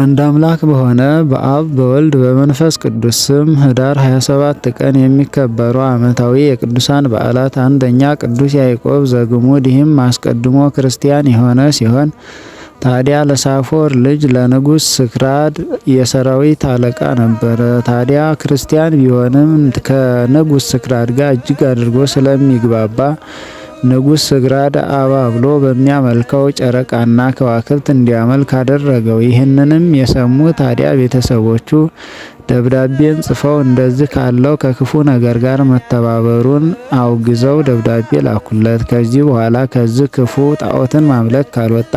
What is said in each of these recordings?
አንድ አምላክ በሆነ በአብ በወልድ በመንፈስ ቅዱስ ስም ህዳር 27 ቀን የሚከበሩ ዓመታዊ የቅዱሳን በዓላት፣ አንደኛ ቅዱስ ያዕቆብ ዘግሙድ። ይህም አስቀድሞ ክርስቲያን የሆነ ሲሆን ታዲያ ለሳፎር ልጅ ለንጉሥ ስክራድ የሰራዊት አለቃ ነበረ። ታዲያ ክርስቲያን ቢሆንም ከንጉሥ ስክራድ ጋር እጅግ አድርጎ ስለሚግባባ ንጉሥ ስግራድ አባ ብሎ በሚያመልከው ጨረቃና ከዋክብት እንዲያመልክ አደረገው። ይህንንም የሰሙ ታዲያ ቤተሰቦቹ ደብዳቤን ጽፈው እንደዚህ ካለው ከክፉ ነገር ጋር መተባበሩን አውግዘው ደብዳቤ ላኩለት። ከዚህ በኋላ ከዚህ ክፉ ጣዖትን ማምለክ ካልወጣ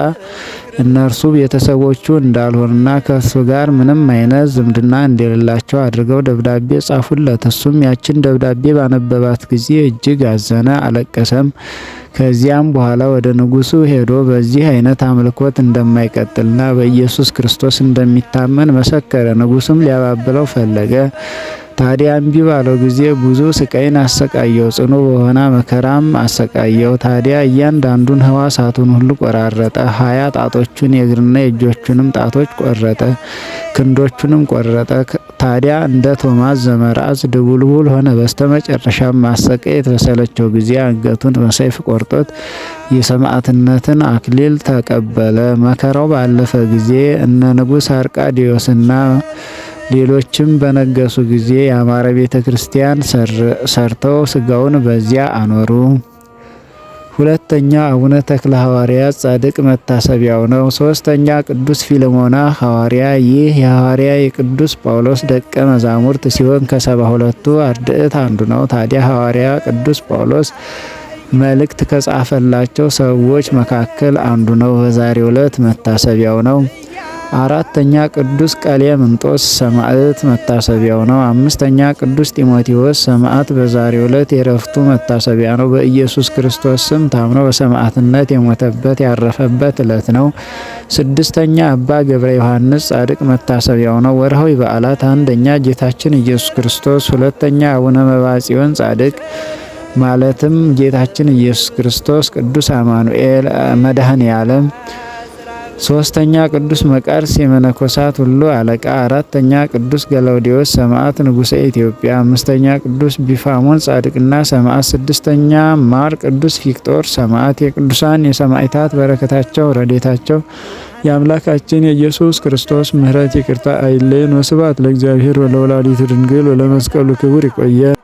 እነርሱ ቤተሰቦቹ እንዳልሆንና ከእሱ ጋር ምንም አይነት ዝምድና እንደሌላቸው አድርገው ደብዳቤ ጻፉለት። እሱም ያችን ደብዳቤ ባነበባት ጊዜ እጅግ አዘነ፣ አለቀሰም። ከዚያም በኋላ ወደ ንጉሱ ሄዶ በዚህ አይነት አምልኮት እንደማይቀጥልና በኢየሱስ ክርስቶስ እንደሚታመን መሰከረ። ንጉሱም ሊያባብለው ፈለገ። ታዲያ እምቢ ባለው ጊዜ ብዙ ስቃይን አሰቃየው፣ ጽኑ በሆነ መከራም አሰቃየው። ታዲያ እያንዳንዱን ህዋሳቱን ሁሉ ቆራረጠ። ሀያ ጣቶቹን የእግርና የእጆቹንም ጣቶች ቆረጠ፣ ክንዶቹንም ቆረጠ። ታዲያ እንደ ቶማስ ዘመራዝ ድቡልቡል ሆነ። በስተመጨረሻም ማሰቃየት በሰለቸው ጊዜ አንገቱን በሰይፍ ቆርጦት የሰማዕትነትን አክሊል ተቀበለ። መከራው ባለፈ ጊዜ እነ ንጉሥ አርቃዲዮስና ሌሎችም በነገሱ ጊዜ ያማረ ቤተ ክርስቲያን ሰርተው ስጋውን በዚያ አኖሩ። ሁለተኛ አቡነ ተክለ ሐዋርያ ጻድቅ መታሰቢያው ነው። ሶስተኛ ቅዱስ ፊልሞና ሐዋርያ። ይህ የሐዋርያ የቅዱስ ጳውሎስ ደቀ መዛሙርት ሲሆን ከሰባ ሁለቱ አርድእት አንዱ ነው። ታዲያ ሐዋርያ ቅዱስ ጳውሎስ መልእክት ከጻፈላቸው ሰዎች መካከል አንዱ ነው። በዛሬው ዕለት መታሰቢያው ነው። አራተኛ ቅዱስ ቀሌምንጦስ ሰማዕት መታሰቢያው ነው። አምስተኛ ቅዱስ ጢሞቴዎስ ሰማዕት በዛሬው ዕለት የረፍቱ መታሰቢያ ነው። በኢየሱስ ክርስቶስ ስም ታምኖ በሰማዕትነት የሞተበት ያረፈበት ዕለት ነው። ስድስተኛ አባ ገብረ ዮሐንስ ጻድቅ መታሰቢያው ነው። ወርሃዊ በዓላት አንደኛ ጌታችን ኢየሱስ ክርስቶስ፣ ሁለተኛ አቡነ መባጽዮን ጻድቅ ማለትም ጌታችን ኢየሱስ ክርስቶስ፣ ቅዱስ አማኑኤል መድኃኔ ዓለም ሶስተኛ ቅዱስ መቃርስ የመነኮሳት ሁሉ አለቃ፣ አራተኛ ቅዱስ ገላውዲዮስ ሰማዕት ንጉሠ ኢትዮጵያ፣ አምስተኛ ቅዱስ ቢፋሞን ጻድቅና ሰማዕት፣ ስድስተኛ ማር ቅዱስ ፊቅጦር ሰማዕት። የቅዱሳን የሰማዕታት በረከታቸው ረዴታቸው የአምላካችን የኢየሱስ ክርስቶስ ምሕረት ይቅርታ አይለየን። ወስብሐት ለእግዚአብሔር ወለወላዲቱ ድንግል ወለመስቀሉ ክቡር። ይቆየ